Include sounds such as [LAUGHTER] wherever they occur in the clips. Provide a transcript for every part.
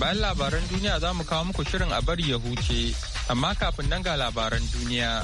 Bayan labaran duniya za mu kawo muku shirin a bari ya huce, amma kafin nan ga labaran duniya.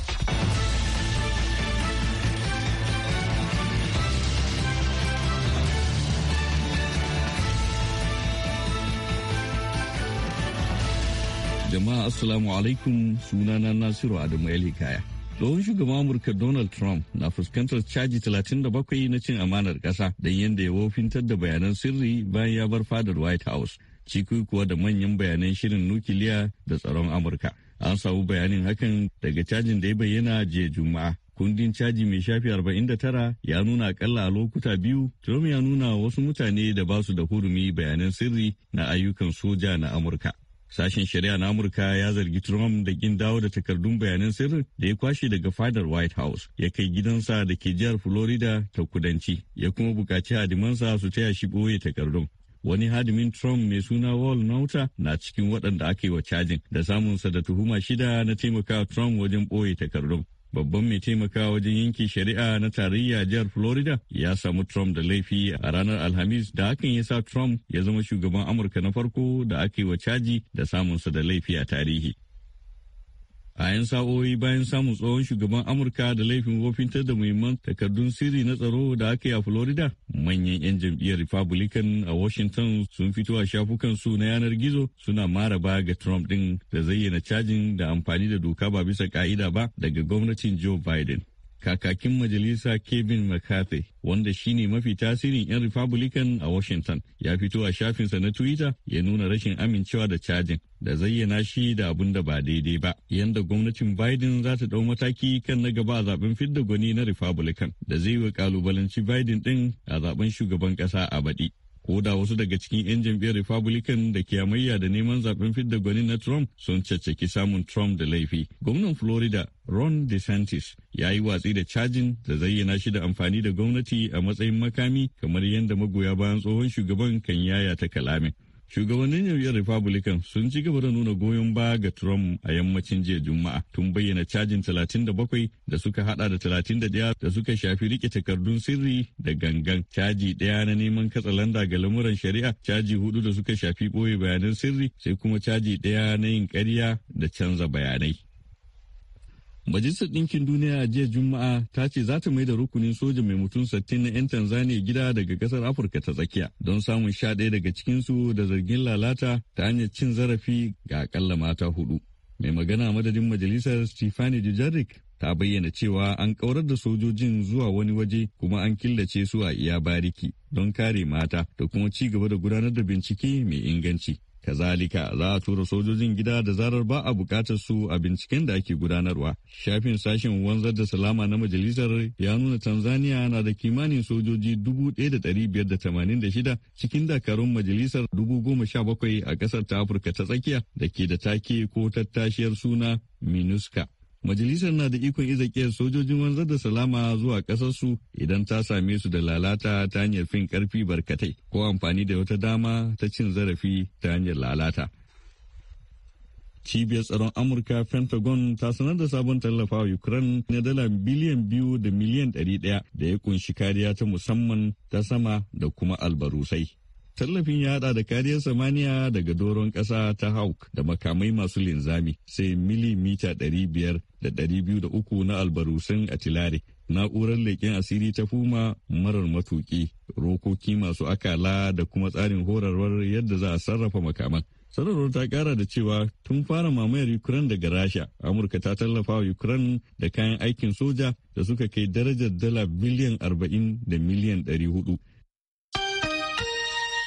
Jama'a Assalamu alaikum sunana Nasiru Adamu Hikaya. tsohon shugaban amurka donald trump na fuskantar caji 37 na cin amanar kasa don yadda ya wofintar da bayanan sirri bayan ya bar fadar white house ciki kuwa da manyan bayanan shirin nukiliya da tsaron amurka an samu bayanin hakan daga cajin da ya bayyana jiya juma'a kundin caji mai shafi 49 ya nuna akalla a lokuta biyu trump ya nuna wasu mutane da ba su da hurumi bayanan sirri na ayyukan soja na amurka Sashen shari'a na Amurka ya zargi Trump da kin dawo da takardun bayanan sirri da ya kwashe daga fadar White House ya kai gidansa da ke jihar Florida ta kudanci ya kuma bukaci hadimansa su taya shi ɓoye takardun. Wani hadimin Trump mai suna Wall Nauta na cikin waɗanda aka yi wa cajin da samunsa da tuhuma shida na taimakawa Trump wajen ɓoye takardun. babban mai taimakawa wajen yanke shari'a na tarayya jihar Florida ya samu Trump da laifi a ranar Alhamis da hakan ya sa Trump ya zama shugaban Amurka na farko da ake wa caji da samunsa da laifi a tarihi. a yan sa'o'i bayan samun tsohon shugaban amurka da laifin wofintar da muhimman takardun sirri na tsaro da aka yi a florida manyan 'yan jam'iyyar republican a washington sun fito a shafukan su na yanar gizo suna maraba ga trump din da zayyana cajin da amfani da doka ba bisa ka'ida ba daga gwamnatin joe biden kakakin majalisa Kevin McCarthy wanda shine mafi tasirin 'yan Republican a Washington ya fito a shafinsa na Twitter ya nuna rashin amincewa da cajin da zayyana shi da abun da ba daidai ba yanda gwamnatin Biden za ta dau mataki kan na gaba a zaben fidda gwani na Republican da zai yi wa kalubalanci Biden ɗin a zaben shugaban ƙasa a baɗi. ko da wasu daga cikin 'yan jam'iyyar republican da ke amayya da neman zaben fidda gwani na trump sun caccaki samun trump da laifi gwamnan florida ron desantis ya yi watsi da cajin da zayyana shi da amfani da gwamnati a matsayin makami kamar yadda magoya bayan tsohon shugaban kan yaya ta kalamin Shugabannin jam'iyyar Republican sun ci gaba da nuna goyon baya ga Trump a yammacin jiya Juma'a tun bayyana cajin 37 da suka hada da 31 da suka shafi rike takardun sirri da gangan caji ɗaya na neman katsa landa ga lamuran shari'a caji hudu da suka shafi boye bayanan sirri sai kuma caji ɗaya na yin karya da canza bayanai. Majalisar Ɗinkin Duniya jiya Juma'a ta ce za ta da rukunin soja mai mutum sattin na 'yan Tanzania gida daga ƙasar Afirka ta tsakiya don samun sha ɗaya daga cikinsu da zargin lalata ta hanyar cin zarafi ga akalla mata hudu. Mai magana madadin majalisar Stefani Dujarric ta bayyana cewa an kaurar da sojojin zuwa wani waje kuma an killace su a iya bariki don kare mata da kuma ci gaba da gudanar da bincike mai inganci. Kazalika za a tura sojojin gida da zarar ba a bukatar su a binciken da ake gudanarwa. Shafin sashen wanzar da salama na majalisar ya nuna Tanzania na da kimanin sojoji 1,586 cikin dakarun majalisar 17,000 a kasar ta Afirka ta tsakiya da ke da take ko tattashiyar suna minuska Majalisar na da ikon izakiyar sojojin wanzar da salama zuwa ƙasarsu idan ta same su da lalata ta hanyar fin ƙarfi barkatai ko amfani da wata dama ta cin zarafi ta hanyar lalata. Cibiyar tsaron Amurka Pentagon ta sanar da sabon tallafa wa Ukraine na dala biliyan biyu da miliyan ɗari ɗaya da ya kunshi kariya ta musamman ta sama da kuma albarusai. Tallafin ya hada da kariyar samaniya daga doron kasa ta hauk da makamai masu linzami sai milimita 500 da uku na albarusun atilare. Na'urar leƙen asiri ta fuma marar matuƙi, rokoki masu akala da kuma tsarin horarwar yadda za a sarrafa makaman. sanarwar ta kara da cewa tun fara mamayar ukraine daga rasha amurka ta tallafa wa ukraine da kayan aikin soja da suka kai darajar dala biliyan 40 da miliyan 400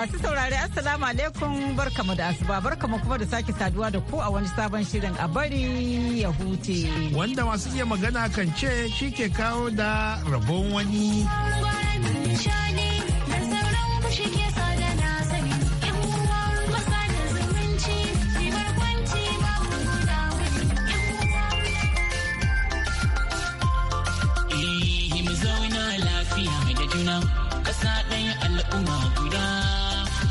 Masu saurari Assalamu alaikum barkamu da asuba barkamu kuma da sake saduwa da ku a wani sabon shirin a bari ya huce. Wanda masu iya magana kan ce shi ke kawo da rabon wani. Kasa ɗaya al'umma guda.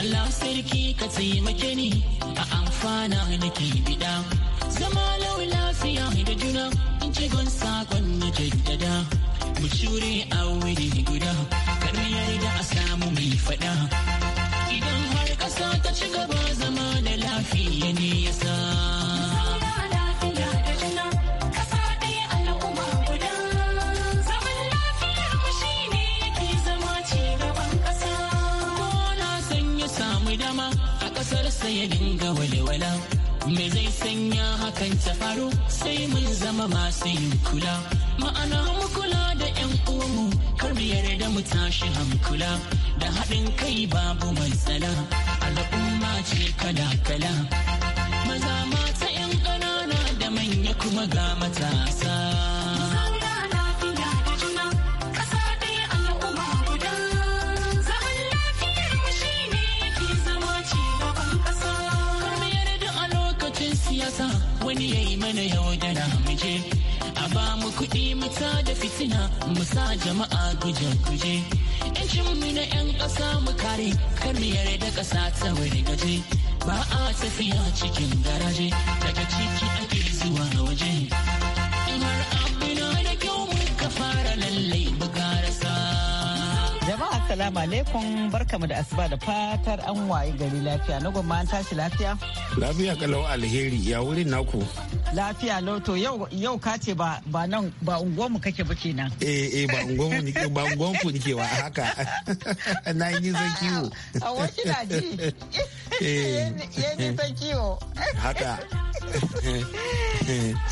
Allah sarki ka taimake ni a amfana ke bida zama lau lafiya da juna in ce gon kwanne na jaddada mu shure a wuri guda ya dinga walwala me zai sanya hakan ta faru sai mun zama masu yin kula ma'ana mu kula da yan uwanmu kar mu yarda mu tashi hankula da haɗin kai babu matsala al'umma ce kada kala maza mata yan ƙanana da manya kuma ga matasa kuɗi mu da fitina mu sa jama'a gujen kuje. Yancin mu na 'yan ƙasa mu kare kar da ƙasa ta wani gaje. Ba a tafiya cikin garaje daga ciki ake zuwa waje. Assalamu alaikum barkamu da asuba da fatar an waye gari lafiya na gwamma an tashi lafiya? Lafiya kalau alheri ya wurin naku. Lafiya loto yau ka ce ba nan ba unguwanmu kake ba kenan. Eh eh ba unguwanmu nike ba unguwanku nike wa haka. [LAUGHS] Na yi nisan kiwo. A wasu na ji. [LAUGHS] Eh. [LAUGHS] nisan kiwo. Haka.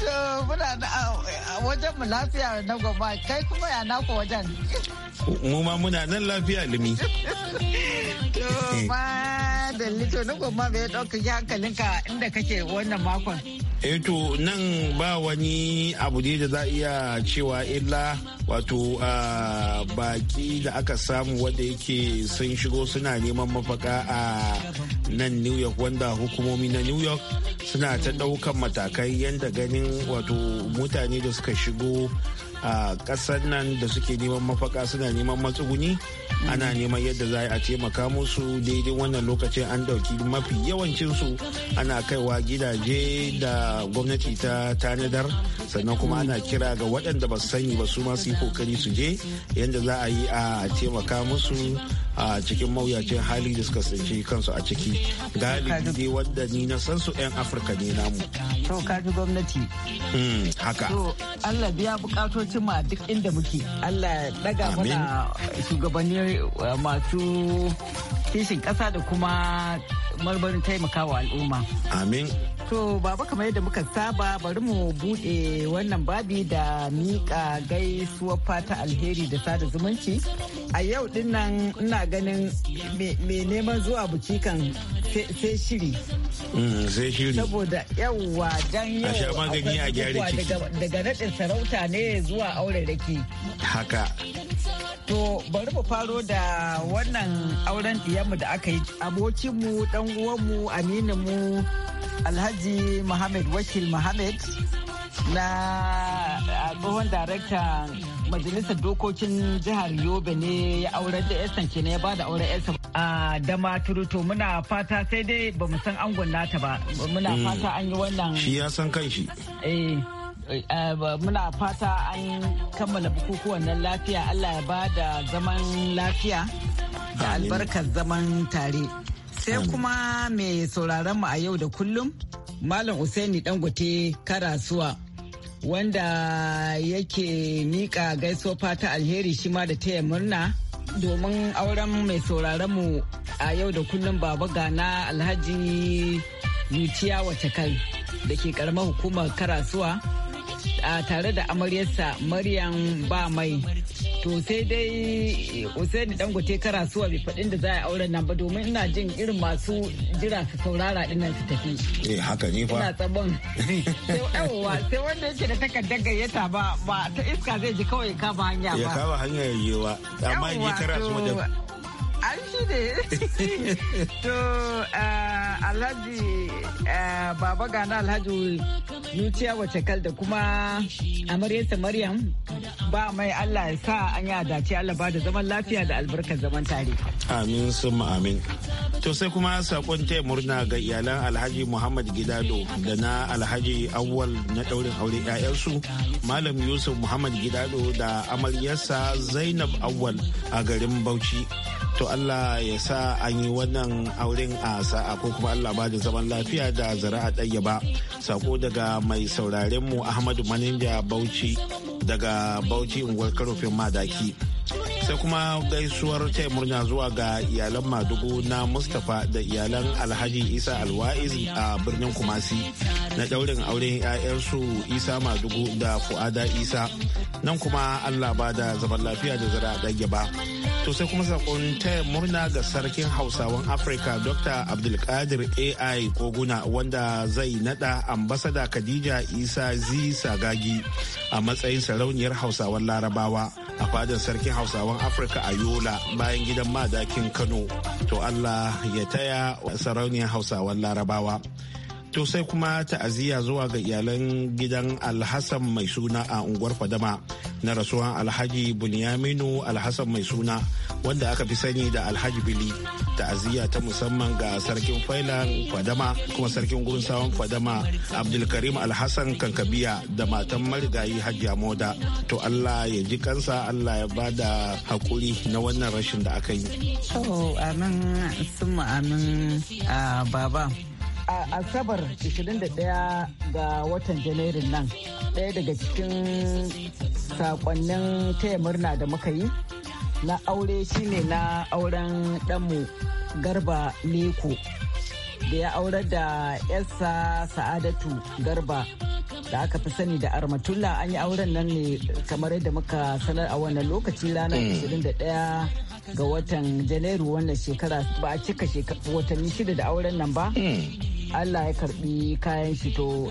To muna a wajen mu lafiya na gwamma kai kuma ya naku wajen. Mu ma muna nan lafiya. lafiya limi. ma da bai ɗauka hankalinka inda kake wannan makon. eh to nan ba wani abu ne da za iya cewa illa wato baki da aka samu wanda yake sun shigo suna neman mafaka a nan new york wanda hukumomi na new york suna ta ɗaukan matakai yadda ganin wato mutane da suka shigo a ƙasar nan da suke neman mafaka suna neman matsuguni ana neman yadda za a taimaka musu daidai wannan lokacin an dauki mafi yawancinsu ana kaiwa gidaje da gwamnati ta tanadar sannan kuma ana kira ga waɗanda ba su sani ba su ma su yi kokari su je yadda za a yi a taimaka musu a cikin mawuyacin hali da suka tsinci kansu a ciki galibi dai wadda ni na san su 'yan afirka ne namu to gwamnati hmm, haka to allah biya bukatocin ma duk inda muke allah daga mana shugabannin masu kishin ƙasa da kuma marmarin taimakawa al'umma. Amin. To baba kamar yadda muka saba bari mu buɗe wannan babi da miƙa gaisuwar fata alheri da sada zumunci. A yau din nan ina ganin me neman zuwa buki kan sai shiri. Mm, sai shiri. Saboda yawwa dan yau. A sha magani Daga naɗin sarauta ne zuwa aure rake. Haka. To bari mu faro da wannan auren ɗiyanmu da aka yi abokinmu ɗan uwanmu amininmu Alhaji Muhammad Wakil Muhammad na tsohon darakta majalisar dokokin jihar Yobe ne ya auren da Esan kenan ya bada auren yasan a dama to muna fata sai dai ba san san angon nata ba muna mm. fata an yi wannan shi ya san kanshi eh Eh, muna fata an kammala bukukuwan nan lafiya Allah ya ba da zaman lafiya da albarkar zaman tare sai kuma mai sauraron mu a yau da kullum malam usaini dangote karasuwa wanda yake mika gaisuwa fata alheri shi ma da taya murna domin auren mai sauraron mu a yau da kullum baba gana alhaji yuciya wace kai da ke karamar hukumar karasuwa A tare da amaryarsa maryam ba mai to sai dai da dangote karasuwa bai faɗin da za a auren nan ba domin ina jin irin masu jira su saurara nan su tafi eh haka ne fa ina tsabon [LAUGHS] yawwa sai wanda yake da takardar gayyata ba ba ta iska zai ji kawai ba hanya ba ya kawo hanya yiwa amma ni karasuwa wajen an shi ne [LAUGHS] to eh, alhaji eh, baba gana alhaji zuciya wace kal da kuma amaryarsa maryam ba mai allah ya sa an yi dace allah ba da zaman lafiya da albarkar zaman tare amin sun amin to sai kuma sakon taya murna ga iyalan alhaji muhammad gidado da na alhaji awwal na daurin aure 'ya'yansu malam yusuf muhammad gidado da amaryarsa zainab awwal a garin bauchi to Allah ya sa an yi wannan auren a sa'a ko kuma Allah ba da zaman lafiya da zara'a ɗaya ba sako daga mai sauraren mu Ahmadu Maninja Bauchi daga Bauchi unguwar karofin madaki sai kuma gaisuwar taya murna zuwa ga iyalan madugu na mustapha da iyalan alhaji isa alwa'iz a birnin kumasi na daurin auren 'ya'yansu isa madugu da fu'ada isa nan kuma allah ba da zaman lafiya da zara ɗage ba to sai kuma sakon taya murna ga sarkin hausawan afirka dr abdulkadir ai koguna wanda zai nada ambasada khadija isa zi sagagi a matsayin sarauniyar hausawan larabawa a fadin sarkin hausawan afirka a yola bayan gidan madakin kano to allah ya taya sarauniyar hausawan larabawa to sai kuma ta'aziyya zuwa ga iyalan gidan alhassan mai suna a unguwar fadama na rasuwan alhaji bunyaminu alhassan mai suna wanda aka fi sani da alhaji bili ta'aziyya ta musamman ga sarkin failan fadama kuma sarkin Gurin Sawan fadama abdulkarim alhassan kankabiya da matan marigayi hajiya moda to allah ya ji kansa allah ya ba da haƙuri na wannan rashin da aka yi. amin sun amin ah, baba A asabar 21 ga watan janairun nan ɗaya daga cikin sakonnin taya murna da muka yi na aure shine na auren ɗanmu garba leko da ya aurar da yarsa sa'adatu garba da aka fi sani da armatulla an yi auren nan ne kamar yadda muka sanar a wannan lokaci ranar 21 mm. ga watan janairu wannan shekara ba a cika watanni shida da auren nan ba mm. allah ya karbi kayan shi to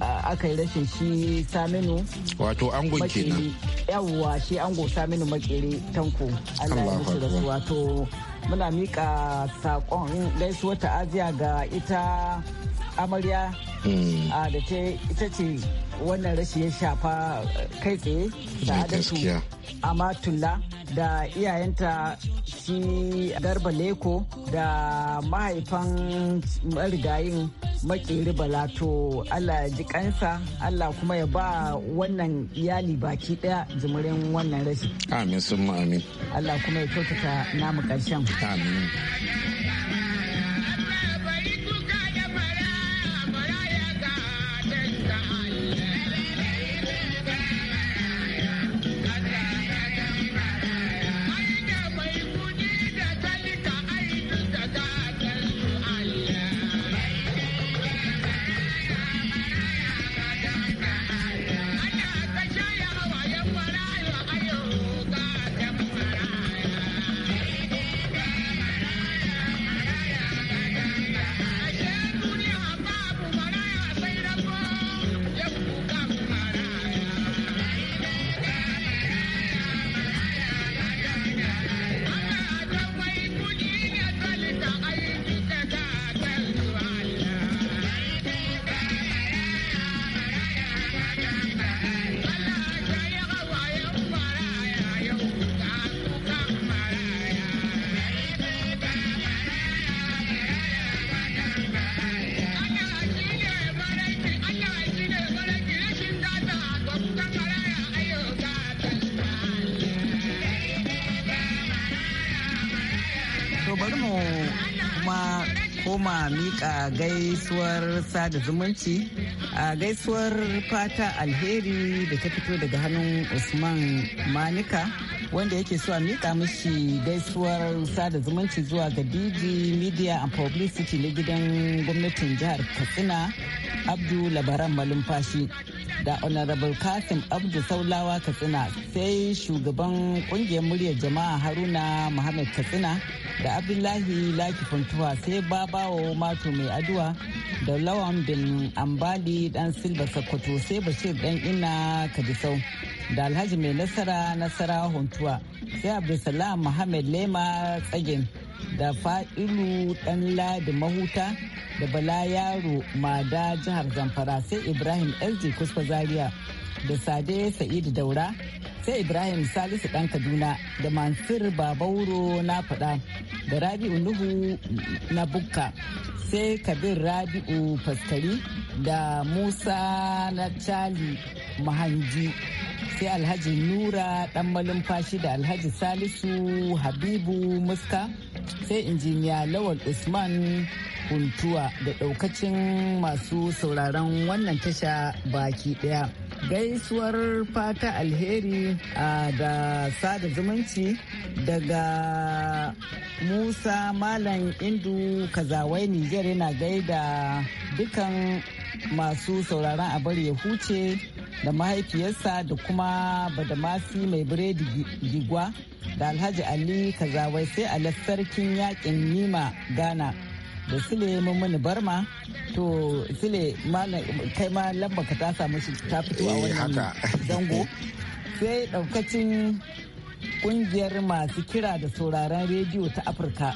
aka yi rashin shi saminu wato ango kenan yawwa shi ango saminu makere tanko allah ya musu rasu wato muna mika sakon wata ajiya ga ita amarya Hmm. Ah, da ita ce wannan rashi ya shafa eh, kai tsaye da hmm, amma tulla da iyayenta shi garba leko da mahaifan marigayin makeri balato allah ya ji kansa allah kuma ya ba wannan iyali baki daya jimirin wannan rashi amin sun amin allah kuma ya kyautata namu karshen amin koma mika gaisuwar sada zumunci a gaisuwar fata alheri da ta fito daga hannun usman manika wanda yake so a mika mishi gaisuwar sada zumunci zuwa ga dg media and publicity na gidan gwamnatin jihar katsina abdu labaran malumfashi da honorable kasim abdu saulawa katsina sai shugaban kungiyar muryar jama'a haruna muhammad katsina da abdullahi laki funtuwa sai babawo mato mai addu'a da lawan bin ambali dan silba sakkwato sai bashir dan ina kadisau da alhaji mai nasara nasara huntuwa sai abdulsalam muhammad lema tsagin da fa'ilu dan ladi mahuta da bala yaro mada jihar zamfara sai ibrahim lg kusfa zaria da sade sa'idu daura sai ibrahim salisu dan kaduna da mansur babauro na fada da rabi'u nuhu na bukka sai kabir rabi'u faskari da musa na cali mahanji sai alhaji nura dan malumfashi da alhaji salisu habibu muska sai injiniya lawal usman Huntuwa da ɗaukacin masu sauraron wannan tasha baki ɗaya. Gaisuwar fata alheri da sada zumunci daga Musa Malam Indu Kazawai Nijar yana gaida dukan masu sauraron a ya huce da mahaifiyarsa da kuma badamasi mai biredi gigwa da alhaji ali kazawai sai alasarkin yakin nima ghana da sile mummuni barma to sile kai ma lamba ka ta samu ta fito a eh, wannan zango sai daukacin kungiyar masu kira da sauraron rediyo ta afirka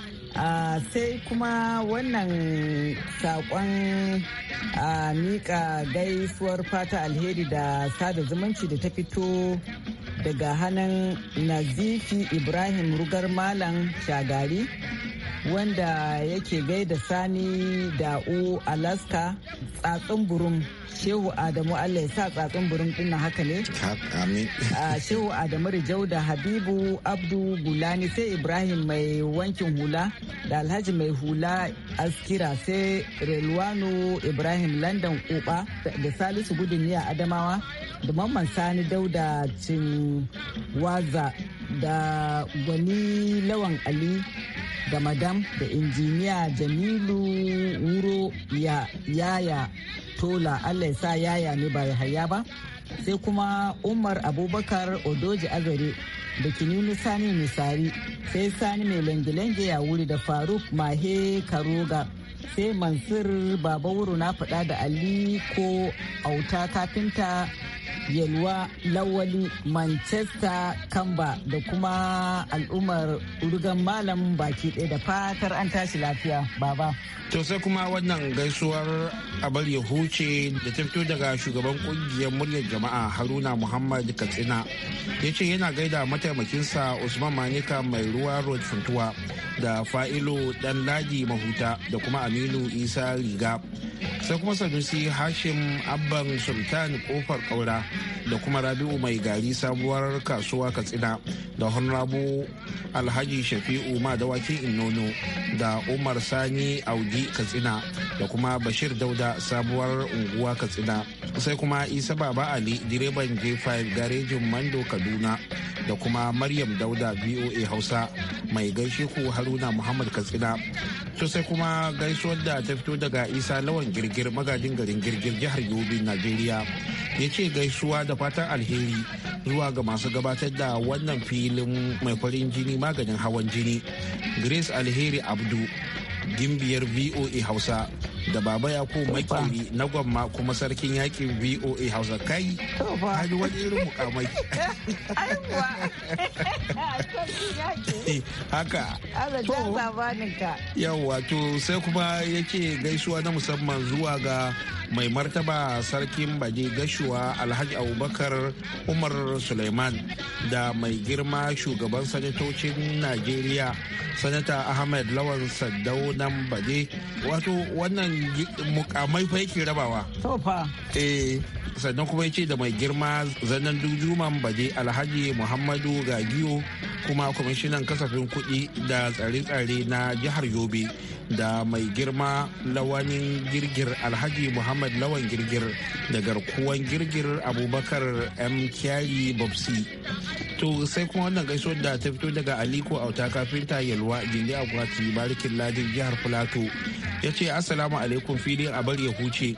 ah, sai kuma wannan sakon a ah, mika gaisuwar fata alheri da sada zumunci da ta fito daga hannun nazifi ibrahim rugar malam shagari wanda yake gaida sani da'u alaska tsatsin burum shehu adamu allah ya sa tsatsin burum din haka ne shehu adamu rijau da habibu abdu gulani sai ibrahim mai wankin hula da alhaji mai hula askira sai relwano ibrahim london kuba da salisu gudun adamawa da mamman sani dauda cin waza da gwani lawan ali da madam da injiniya jamilu wuro ya yaya tola allah ya sa yaya ne ba ya haya ba sai kuma umar abubakar odoji azare da kinini sani misari sai sani mai lange ya wuri da faruk mahe karoga sai mansur baba wuro na faɗa da ali ko auta kafinta yalwa lawali manchester kamba da kuma al'ummar rugan malam baki ɗaya da fatar an tashi lafiya baba to sai kuma wannan gaisuwar abar ya huce da ta fito daga shugaban kungiyar muryar jama'a haruna muhammad katsina ya ce yana gaida mataimakinsa usman manika mai ruwa road funtuwa da fa'ilo dan ladi mahuta da kuma aminu isa riga sai kuma sanusi hashim abban sultan kofar kaura da kuma rabi'u mai gari sabuwar kasuwa katsina da honrabu alhaji shafi'u ma madawakin innono da umar sani audi katsina da kuma bashir dauda sabuwar unguwa katsina sai kuma isa baba ali direban j5 garejin mando kaduna da kuma maryam dauda voa hausa mai gaishe ku haruna muhammad katsina to sai kuma gaisuwar da ta fito daga isa lawan girgi girgir magajin garin girgir jihar yobe najeriya ya ce gaisuwa da fatan alheri zuwa ga masu gabatar da wannan filin mai farin jini maganin hawan jini grace alheri abdu gimbiyar voa hausa da baba ya ko makeri na gwamma kuma sarkin yakin voa hausa kai hali wani irin mukamai [LAUGHS] haka yawwa to sai kuma yake gaisuwa na musamman zuwa ga mai martaba sarkin baje gashuwa alhaji abubakar umar suleiman da mai girma shugaban sanatocin najeriya sanata ahmed lawan nan baje wato wannan mukamai fa yake rabawa to eh sannan kuma yace da mai girma zanen dujuman baje alhaji muhammadu gagiyo kuma kwamishinan kasafin kuɗi da tsare-tsare na jihar yobe da mai girma lawanin girgir alhaji muhammad lawan girgir da garkuwan girgir abubakar m kyari bobsi to sai kuma wannan gaiso da ta fito daga aliko auta kafinta yalwa jinde akwati barikin ladin jihar filato ya ce assalamu alaikum filin bari ya huce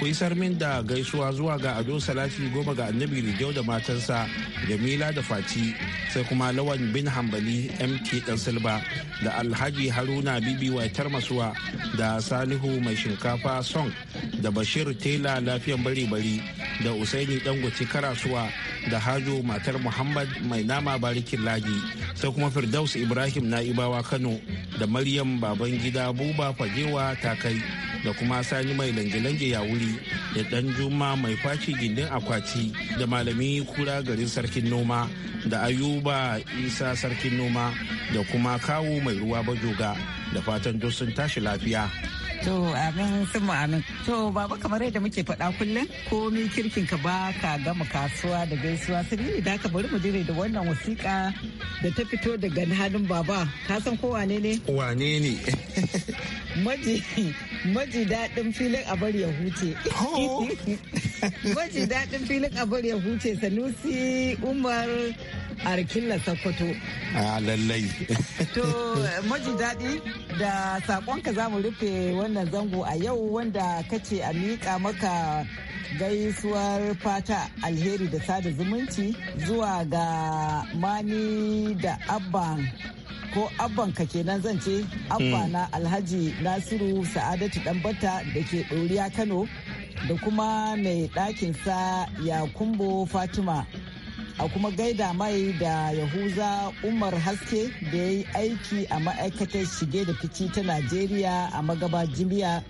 ku sarmin min da gaisuwa zuwa ga ado salati goma ga annabi rijau da matansa jamila da fati sai kuma lawan bin hambali mk dan silba da alhaji haruna bibi wata masuwa da salihu mai shinkafa song da bashir tela lafiyan bari-bari da usaini dangote karasuwa da hajo matar muhammad mai nama barikin lagi sai kuma firdaus ibrahim na'ibawa kano da maryam baban gida buba fagewa ta kai da kuma sani mai lange-lange ya wuri da dan juma mai faci gindin akwati da malami kura garin sarkin noma da ayuba isa sarkin noma da kuma kawo mai ruwa bajoga da fatan duk sun tashi lafiya. To amin sun mu amin. To baba kamar yadda muke faɗa kullum komi kirkin ka ba ka gama kasuwa da gaisuwa yi da ka bari mu dire da wannan wasiƙa da ta fito daga hannun baba ka san ko wane ne? Wane ne? Maji maji daɗin filin a bari ya huce. [LAUGHS] Maji daɗin filin a bari ya huce Sanusi Umar na sakkwato a ah, lallai to maji daɗi da saƙonka za mu rufe wannan zango a yau wanda kace a miƙa maka gaisuwar fata alheri da sada zumunci zuwa ga mani da abban ko abbanka kenan zan ce abba hmm. na alhaji nasiru sa'adatu danbata da ke ɗoriya kano da kuma mai ɗakinsa yakumbo fatima a kuma gaida mai da yahuza umar haske da ya yi aiki a ma'aikatar shige da fici ta najeriya a magaba jimiya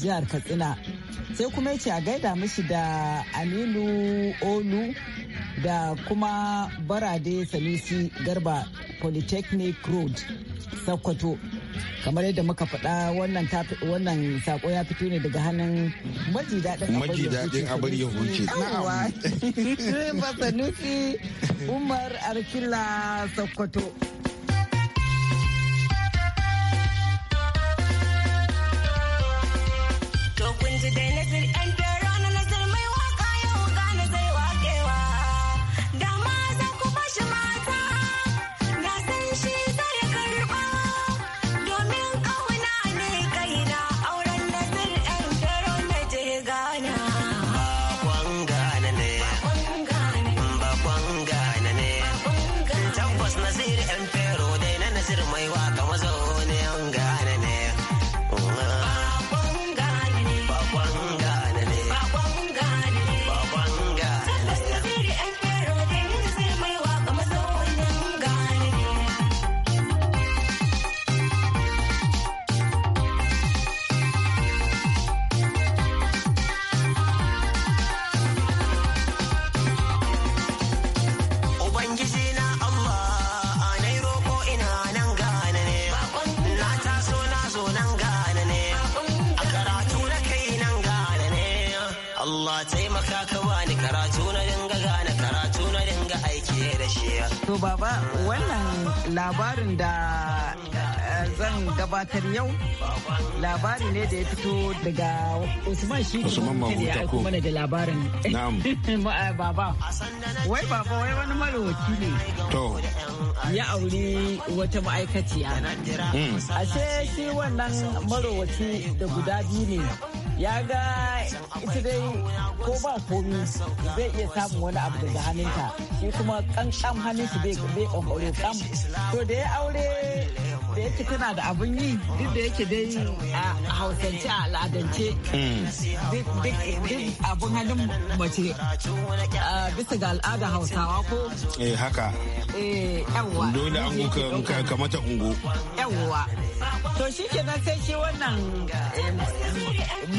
jihar katsina sai kuma ya ce a gaida mashi da aminu olu da kuma barade salisi garba polytechnic road sakwato kamar yadda muka faɗa wannan wannan sako ya fito ne daga hannun maji daɗin abar ya huce na'am [LAUGHS] sanusi umar arkila sakwato. baba wannan labarin da eh, zan gabatar yau labari ne da ya fito daga usman shi ne ya kuma mana da labarin [LAUGHS] eh, baba wai baba wai wani marowaci ne to ya aure wata ma'aikaciya ce mm. shi wannan marowaci da guda biyu ne ya ga ita dai ko ba komi zai iya samun wani abu daga hannunta shi kuma kankan hannunsu bai bai kankaure kam to da ya aure da yake tana da abun yi duk da yake dai a hausance a al'adance duk abun halin mace bisa ga al'ada hausawa ko eh haka eh yawwa dole an ka mata ungo yawwa to shi kenan sai shi wannan eh,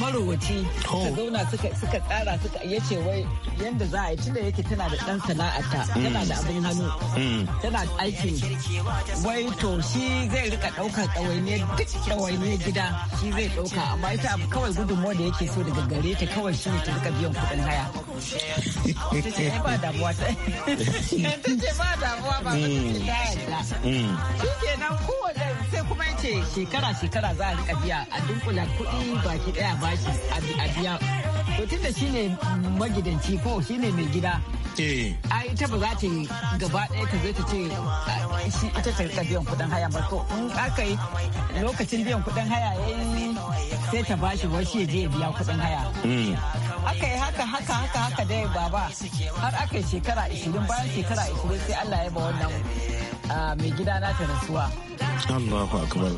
marowaci suka zauna suka tsara suka ya ce wai yanda za a yi tunda yake tana da ɗan sana'ata mm. tana da abin hannu mm. tana aikin wai to shi zai rika ɗauka ɗawainiyar duk ɗawainiyar gida shi zai ɗauka amma ita kawai gudunmuwa da yake so daga gare ta kawai shi ta rika biyan kuɗin haya. Ta [LAUGHS] ce ba damuwa ta ce ba damuwa ba ta ce ta yadda. Mm. Shi kenan kowane ce shekara-shekara za a rika biya a dunkula kuɗi baki ɗaya bashi a biya. To tun da shi ne magidanci ko shi ne mai gida. Eh. A ita ba za ta yi gaba ɗaya ta zo ta ce shi ita ta rika biyan kuɗin haya ba. To in aka yi lokacin biyan kuɗin haya yayi sai ta bashi wasu ya je ya biya kuɗin haya. Hmm. aka yi haka haka haka haka dai baba har aka yi shekara 20 bayan shekara 20 sai Allah ya ba wannan mai gida na ta rasuwa. Allahu akbar.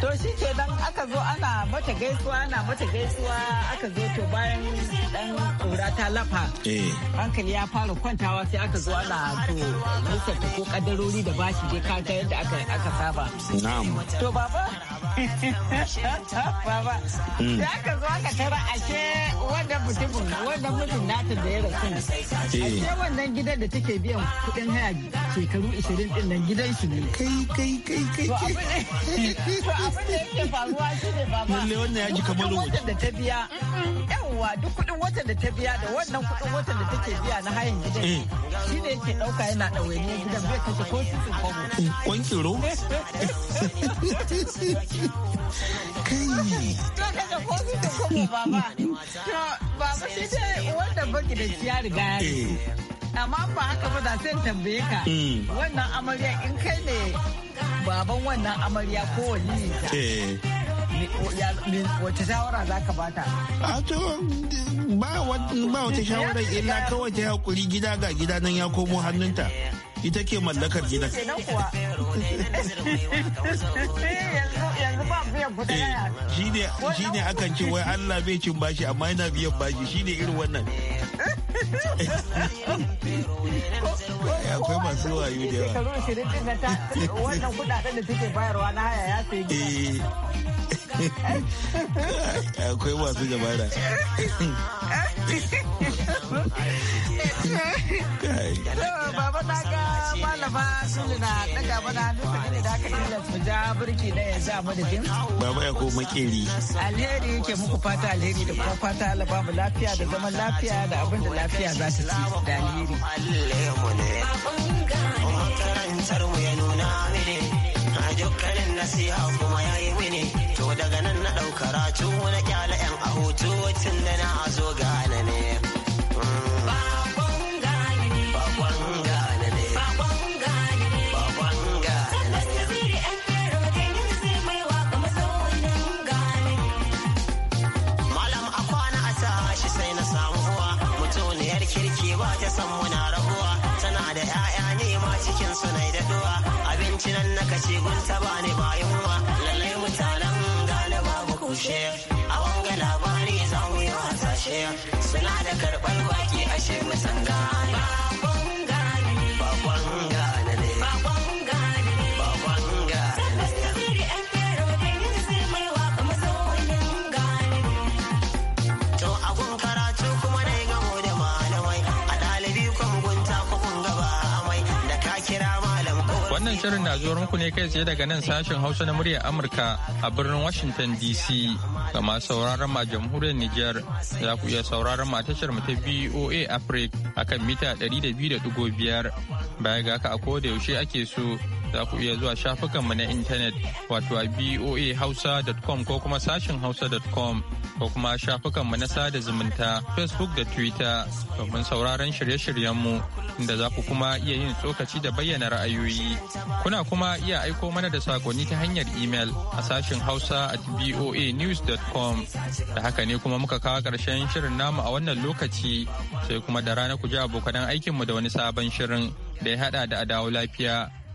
To shi ke dan aka zo ana mata gaisuwa ana mata gaisuwa aka zo to bayan dan kura ta lafa. Eh. Hankali ya fara kwantawa sai aka zo ana to lissafta ko kadarori da bashi je kaga yadda aka saba. Na'am. To baba Baba, za ka zo ka tara ashe wanda mutumin wannan mutum nata da ya rasu. Ashe wannan gidan da take biyan kuɗin haya shekaru 20 din nan gidan shi ne. Kai kai kai kai. To abin da yake faruwa shi ne baba. Lalle wannan ya ji kamar wata da ta biya. Yawwa duk kuɗin wata da ta biya da wannan kuɗin wata da take biya na hayan gidan. Shi ne yake ɗauka yana ɗawainiyar gidan bai kashe ko su su Kwanki ro? kai baba baba amma ba haka ba da sai tambaye ka wannan amarya in kai ne baban wannan amarya ko wani wace shawara za ka bata? A to ba wata shawara illa kawai ta hakuri gida ga gida nan ya komo hannunta. ita ke mallakar gidan. Eh, shi ne akan ce wai Allah bai cin bashi amma yana biyan bashi shi ne irin wannan. Eh, akwai masu wayo da yawa. Wannan kudaden da suke bayarwa na haya ya sayi Akwai masu dabara. Baba na ga malama Sulu na daga mana nufin da aka tilas mu ja burki na yanzu a madadin. Baba ya ko makeri. Alheri yake muku fata alheri da kuma fata Allah lafiya da zaman lafiya da abin da lafiya za ta ci da alheri. Makarantar mu ya nuna mini a dukkanin nasiha kuma ya yi mini to daga nan na ɗauka ratu na kyala 'yan a hoto tun da na zo gane ne. cikin sunai da duwa abinci nan na kashe gunta ba ne ba yunwa shirin na zuwa muku ne kai tsaye daga nan sashen Hausa na muryar Amurka a birnin Washington DC. Ga masu sauraron ma jamhuriyar Nijar za ku iya sauraron ma tashar mu ta BOA Africa akan mita 200.5 baya ga haka a koda yaushe ake so za ku iya zuwa shafukanmu na intanet wato a voahausa.com ko kuma sashin hausa.com ko kuma shafukanmu na sada zumunta facebook da twitter domin sauraron shirye-shiryenmu inda za ku kuma iya yin tsokaci da bayyana ra'ayoyi kuna kuma iya aiko mana da sakonni ta hanyar email a sashin hausa at com da haka ne kuma muka kawo ƙarshen shirin namu a wannan lokaci sai kuma da rana ku ji abokan aikinmu da wani sabon shirin da ya hada da adawo lafiya